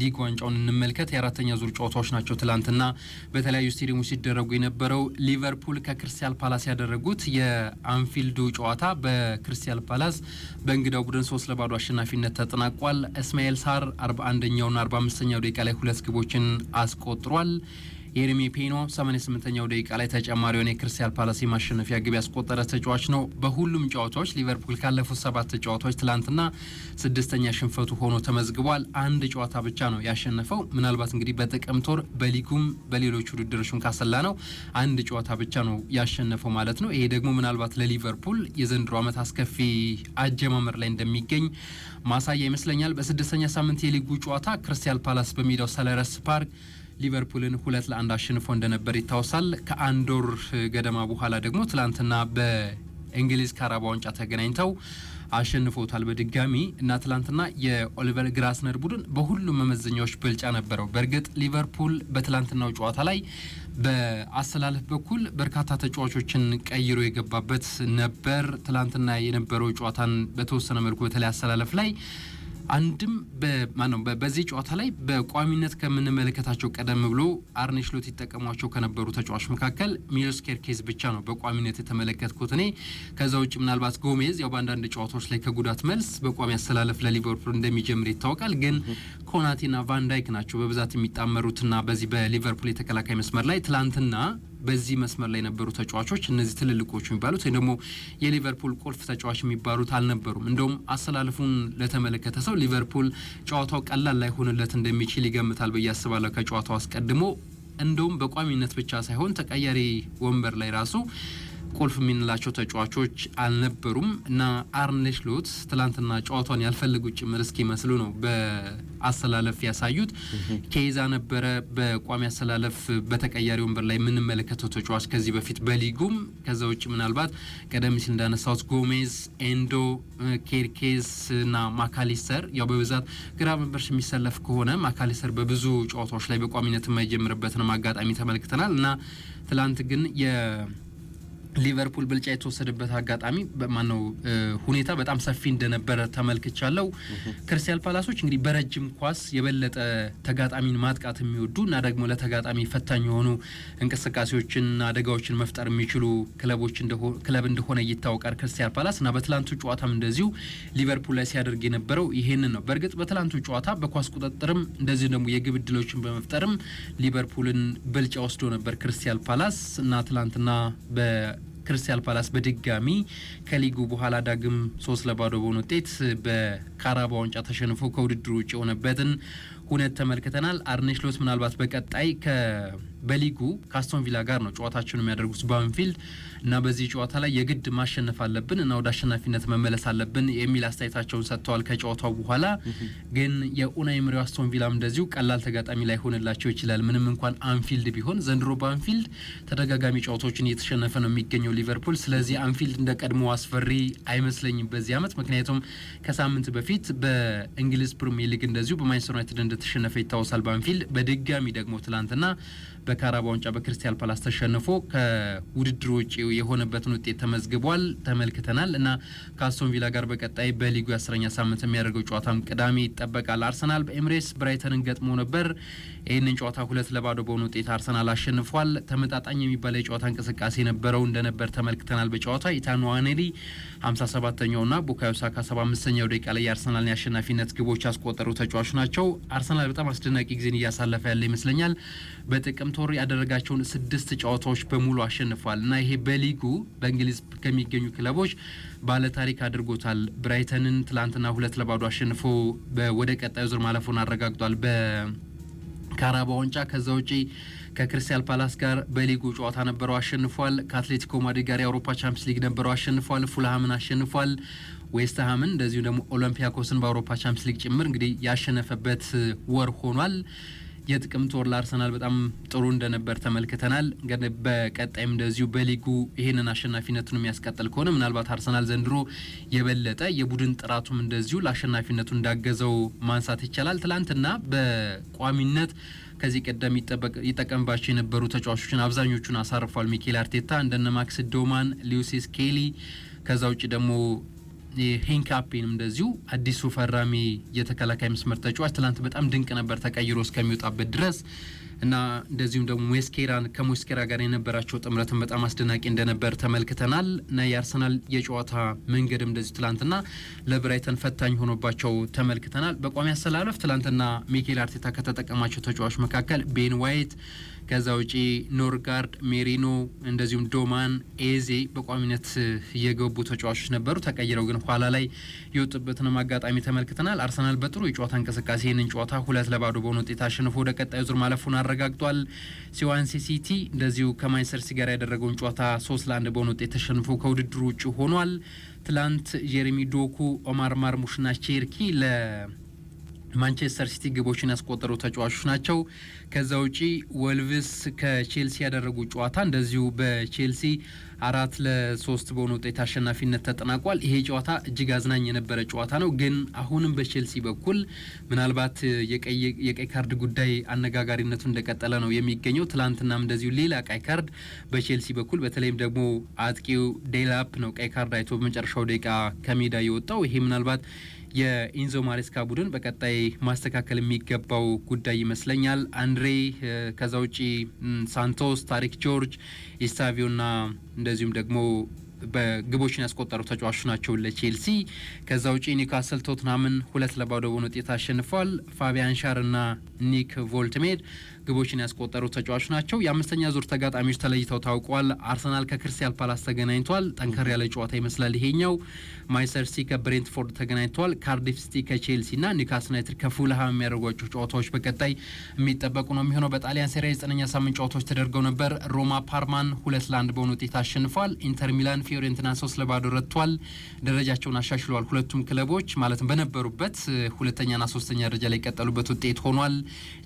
ሊግ ዋንጫውን እንመልከት። የአራተኛ ዙር ጨዋታዎች ናቸው። ትላንትና በተለያዩ ስቴዲየሞች ሲደረጉ የነበረው ሊቨርፑል ከክርስቲያል ፓላስ ያደረጉት የአንፊልዱ ጨዋታ በክርስቲያል ፓላስ በእንግዳው ቡድን ሶስት ለባዶ አሸናፊነት ተጠናቋል። እስማኤል ሳር አርባ ኛውና 45ኛው ደቂቃ ላይ ሁለት ግቦችን አስቆጥሯል። የኤርሜ ፔኖ 88ኛው ደቂቃ ላይ ተጨማሪውን የክርስቲያል ፓላስ ማሸነፊያ ግብ ያስቆጠረ ተጫዋች ነው። በሁሉም ጨዋታዎች ሊቨርፑል ካለፉት ሰባት ጨዋታዎች ትላንትና ስድስተኛ ሽንፈቱ ሆኖ ተመዝግቧል። አንድ ጨዋታ ብቻ ነው ያሸነፈው። ምናልባት እንግዲህ በጥቅምት ወር በሊጉም በሌሎች ውድድሮችን ካሰላ ነው አንድ ጨዋታ ብቻ ነው ያሸነፈው ማለት ነው። ይሄ ደግሞ ምናልባት ለሊቨርፑል የዘንድሮ ዓመት አስከፊ አጀማመር ላይ እንደሚገኝ ማሳያ ይመስለኛል። በስድስተኛ ሳምንት የሊጉ ጨዋታ ክርስቲያል ፓላስ በሜዳው ሰለረስ ፓርክ ሊቨርፑልን ሁለት ለአንድ አሸንፎ እንደነበር ይታወሳል። ከአንድ ወር ገደማ በኋላ ደግሞ ትላንትና በእንግሊዝ ካራባ ዋንጫ ተገናኝተው አሸንፎታል በድጋሚ እና ትላንትና የኦሊቨር ግራስነር ቡድን በሁሉም መመዘኛዎች ብልጫ ነበረው። በእርግጥ ሊቨርፑል በትላንትናው ጨዋታ ላይ በአሰላለፍ በኩል በርካታ ተጫዋቾችን ቀይሮ የገባበት ነበር። ትላንትና የነበረው ጨዋታን በተወሰነ መልኩ በተለይ አሰላለፍ ላይ አንድም በማነው በዚህ ጨዋታ ላይ በቋሚነት ከምንመለከታቸው ቀደም ብሎ አርኔ ስሎት ይጠቀሟቸው ከነበሩ ተጫዋቾች መካከል ሚሎስ ኬርኬዝ ብቻ ነው በቋሚነት የተመለከትኩት እኔ። ከዛ ውጭ ምናልባት ጎሜዝ ያው በአንዳንድ ጨዋታዎች ላይ ከጉዳት መልስ በቋሚ አስተላለፍ ለሊቨርፑል እንደሚጀምር ይታወቃል። ግን ኮናቴና ቫንዳይክ ናቸው በብዛት የሚጣመሩትና በዚህ በሊቨርፑል የተከላካይ መስመር ላይ ትላንትና በዚህ መስመር ላይ የነበሩ ተጫዋቾች እነዚህ ትልልቆቹ የሚባሉት ወይ ደግሞ የሊቨርፑል ቁልፍ ተጫዋች የሚባሉት አልነበሩም። እንደውም አሰላለፉን ለተመለከተ ሰው ሊቨርፑል ጨዋታው ቀላል ላይሆንለት እንደሚችል ይገምታል ብዬ አስባለሁ ከጨዋታው አስቀድሞ እንደውም በቋሚነት ብቻ ሳይሆን ተቀያሪ ወንበር ላይ ራሱ ቁልፍ የምንላቸው ተጫዋቾች አልነበሩም እና አርኔሽ ሎት ትላንትና ጨዋታውን ያልፈለጉ ጭምር እስኪመስሉ ነው በአሰላለፍ ያሳዩት። ኬዛ ነበረ በቋሚ አሰላለፍ በተቀያሪ ወንበር ላይ የምንመለከተው ተጫዋች ከዚህ በፊት በሊጉም ከዛ ውጭ ምናልባት ቀደም ሲል እንዳነሳሁት ጎሜዝ፣ ኤንዶ፣ ኬርኬስ እና ማካሊስተር ያው በብዛት ግራ መንበር የሚሰለፍ ከሆነ ማካሊስተር በብዙ ጨዋታዎች ላይ በቋሚነት የማይጀምርበትንም አጋጣሚ ተመልክተናል እና ትላንት ግን ሊቨርፑል ብልጫ የተወሰደበት አጋጣሚ ማነው ሁኔታ በጣም ሰፊ እንደነበረ ተመልክቻለሁ። ክርስቲያል ፓላሶች እንግዲህ በረጅም ኳስ የበለጠ ተጋጣሚን ማጥቃት የሚወዱ እና ደግሞ ለተጋጣሚ ፈታኝ የሆኑ እንቅስቃሴዎችን አደጋዎችን መፍጠር የሚችሉ ክለብ እንደሆነ ይታወቃል ክርስቲያል ፓላስ እና በትላንቱ ጨዋታም እንደዚሁ ሊቨርፑል ላይ ሲያደርግ የነበረው ይሄንን ነው። በእርግጥ በትላንቱ ጨዋታ በኳስ ቁጥጥርም እንደዚሁ ደግሞ የግብ ዕድሎችን በመፍጠርም ሊቨርፑልን ብልጫ ወስዶ ነበር ክርስቲያል ፓላስ እና ትላንትና ክሪስታል ፓላስ በድጋሚ ከሊጉ በኋላ ዳግም ሶስት ለባዶ በሆነ ውጤት በካራባ ዋንጫ ተሸንፎ ከውድድሩ ውጭ የሆነበትን እውነት ተመልክተናል። አርኔሽሎት ምናልባት በቀጣይ በሊጉ ከአስቶን ቪላ ጋር ነው ጨዋታቸውን የሚያደርጉት በአንፊልድ እና በዚህ ጨዋታ ላይ የግድ ማሸነፍ አለብን እና ወደ አሸናፊነት መመለስ አለብን የሚል አስተያየታቸውን ሰጥተዋል። ከጨዋታው በኋላ ግን የኡናይ ምሪ አስቶን ቪላም እንደዚሁ ቀላል ተጋጣሚ ላይሆንላቸው ይችላል። ምንም እንኳን አንፊልድ ቢሆን ዘንድሮ በአንፊልድ ተደጋጋሚ ጨዋታዎችን እየተሸነፈ ነው የሚገኘው ሊቨርፑል። ስለዚህ አንፊልድ እንደ ቀድሞ አስፈሪ አይመስለኝም በዚህ አመት፣ ምክንያቱም ከሳምንት በፊት በእንግሊዝ ፕሪሚየር ሊግ እንደዚሁ በማንቸስተር ዩናይትድ እንደተሸነፈ ይታወሳል። ባንፊልድ በድጋሚ ደግሞ ትላንትና በካራባ ዋንጫ ፓላስ ተሸንፎ ከውድድር ውጭ የሆነበትን ውጤት ተመዝግቧል፣ ተመልክተናል እና ከአስቶን ቪላ ጋር በቀጣይ በሊጉ የአስረኛ ሳምንት የሚያደርገው ጨዋታም ቅዳሜ ይጠበቃል። አርሰናል በኤምሬስ ብራይተንን ገጥሞ ነበር። ይህንን ጨዋታ ሁለት ለባዶ በሆነ ውጤት አርሰናል አሸንፏል። ተመጣጣኝ የሚባለ የጨዋታ እንቅስቃሴ የነበረው እንደነበር ተመልክተናል። በጨዋታ ኢታን ዋኔሊ 57ኛውና ቡካዮ ሳካ 75ኛው ደቂቃ ላይ የአርሰናልን የአሸናፊነት ግቦች ያስቆጠሩ ተጫዋች ናቸው። አርሰናል በጣም አስደናቂ ጊዜን እያሳለፈ ያለ ይመስለኛል። በጥቅምት ወር ያደረጋቸውን ስድስት ጨዋታዎች በሙሉ አሸንፏል እና ይሄ በሊጉ በእንግሊዝ ከሚገኙ ክለቦች ባለታሪክ አድርጎታል። ብራይተንን ትላንትና ሁለት ለባዶ አሸንፎ ወደ ቀጣዩ ዙር ማለፉን አረጋግጧል በካራባ ዋንጫ ከዛ ውጪ ከክሪስታል ፓላስ ጋር በሊጉ ጨዋታ ነበረው አሸንፏል። ከአትሌቲኮ ማድሪድ ጋር የአውሮፓ ቻምፒንስ ሊግ ነበረው አሸንፏል። ፉልሃምን አሸንፏል። ዌስትሃምን እንደዚሁ ደግሞ ኦሎምፒያኮስን በአውሮፓ ቻምፒየንስ ሊግ ጭምር እንግዲህ ያሸነፈበት ወር ሆኗል። የጥቅምት ወር ለአርሰናል በጣም ጥሩ እንደነበር ተመልክተናል። በቀጣይም እንደዚሁ በሊጉ ይህንን አሸናፊነቱን የሚያስቀጥል ከሆነ ምናልባት አርሰናል ዘንድሮ የበለጠ የቡድን ጥራቱም እንደዚሁ ለአሸናፊነቱ እንዳገዘው ማንሳት ይቻላል። ትላንትና በቋሚነት ከዚህ ቀደም ይጠቀምባቸው የነበሩ ተጫዋቾችን አብዛኞቹን አሳርፏል ሚኬል አርቴታ እንደነ ማክስ ዶማን፣ ሊዩሲስ ኬሊ ከዛ ውጭ ደግሞ የሄንካፔንም እንደዚሁ አዲሱ ፈራሚ የተከላካይ መስመር ተጫዋች ትላንት በጣም ድንቅ ነበር፣ ተቀይሮ እስከሚወጣበት ድረስ እና እንደዚሁም ደግሞ ሞስኬራን ከሞስኬራ ጋር የነበራቸው ጥምረትን በጣም አስደናቂ እንደነበር ተመልክተናል። እና የአርሰናል የጨዋታ መንገድም እንደዚሁ ትላንትና ለብራይተን ፈታኝ ሆኖባቸው ተመልክተናል። በቋሚ አሰላለፍ ትላንትና ሚኬል አርቴታ ከተጠቀማቸው ተጫዋች መካከል ቤን ዋይት፣ ከዛ ውጪ ኖርጋርድ፣ ሜሪኖ እንደዚሁም ዶማን፣ ኤዜ በቋሚነት የገቡ ተጫዋቾች ነበሩ። ተቀይረው ግን ኋላ ላይ የወጡበትንም አጋጣሚ ተመልክተናል። አርሰናል በጥሩ የጨዋታ እንቅስቃሴ ይህንን ጨዋታ ሁለት ለባዶ በሆነ ውጤት አሸንፎ ወደ ቀጣዩ ዙር ማለፉን አረጋግጧል። ሲዋንሲ ሲቲ እንደዚሁ ከማንችስተር ሲቲ ጋር ያደረገውን ጨዋታ ሶስት ለአንድ በሆነ ውጤት ተሸንፎ ከውድድሩ ውጭ ሆኗል። ትላንት ጄሬሚ ዶኩ፣ ኦማር ማርሙሽና ቼርኪ ለ ማንቸስተር ሲቲ ግቦችን ያስቆጠሩ ተጫዋቾች ናቸው። ከዛ ውጪ ወልቭስ ከቼልሲ ያደረጉ ጨዋታ እንደዚሁ በቼልሲ አራት ለሶስት በሆነ ውጤት አሸናፊነት ተጠናቋል። ይሄ ጨዋታ እጅግ አዝናኝ የነበረ ጨዋታ ነው። ግን አሁንም በቼልሲ በኩል ምናልባት የቀይ ካርድ ጉዳይ አነጋጋሪነቱ እንደቀጠለ ነው የሚገኘው። ትላንትናም እንደዚሁ ሌላ ቀይ ካርድ በቼልሲ በኩል በተለይም ደግሞ አጥቂው ዴላፕ ነው ቀይ ካርድ አይቶ በመጨረሻው ደቂቃ ከሜዳ የወጣው። ይሄ ምናልባት የኢንዞ ማሬስካ ቡድን በቀጣይ ማስተካከል የሚገባው ጉዳይ ይመስለኛል። አንድሬ ከዛ ውጪ ሳንቶስ፣ ታሪክ ጆርጅ፣ ኢስታቪዮ ና እንደ እንደዚሁም ደግሞ በግቦችን ያስቆጠሩ ተጫዋቾች ናቸው ለቼልሲ። ከዛ ውጪ ኒካስል ቶትናምን ሁለት ለባዶ በሆነ ውጤት አሸንፏል። ፋቢያን ሻር እና ኒክ ቮልትሜድ ግቦችን ያስቆጠሩ ተጫዋቾች ናቸው። የአምስተኛ ዙር ተጋጣሚዎች ተለይተው ታውቋል። አርሰናል ከክርስቲያል ፓላስ ተገናኝቷል። ጠንከር ያለ ጨዋታ ይመስላል ይሄኛው። ማንቸስተር ሲቲ ከብሬንትፎርድ ተገናኝቷል። ካርዲፍ ሲቲ ከቼልሲ እና ኒውካስል ዩናይትድ ከፉልሃም የሚያደርጓቸው ጨዋታዎች በቀጣይ የሚጠበቁ ነው የሚሆነው። በጣሊያን ሴሪያ የዘጠነኛ ሳምንት ጨዋታዎች ተደርገው ነበር። ሮማ ፓርማን ሁለት ለአንድ በሆነ ውጤት አሸንፏል። ኢንተር ሚላን ፊዮሬንቲናን ሶስት ለባዶ ረቷል። ደረጃቸውን አሻሽለዋል። ሁለቱም ክለቦች ማለትም በነበሩበት ሁለተኛና ሶስተኛ ደረጃ ላይ የቀጠሉበት ውጤት ሆኗል።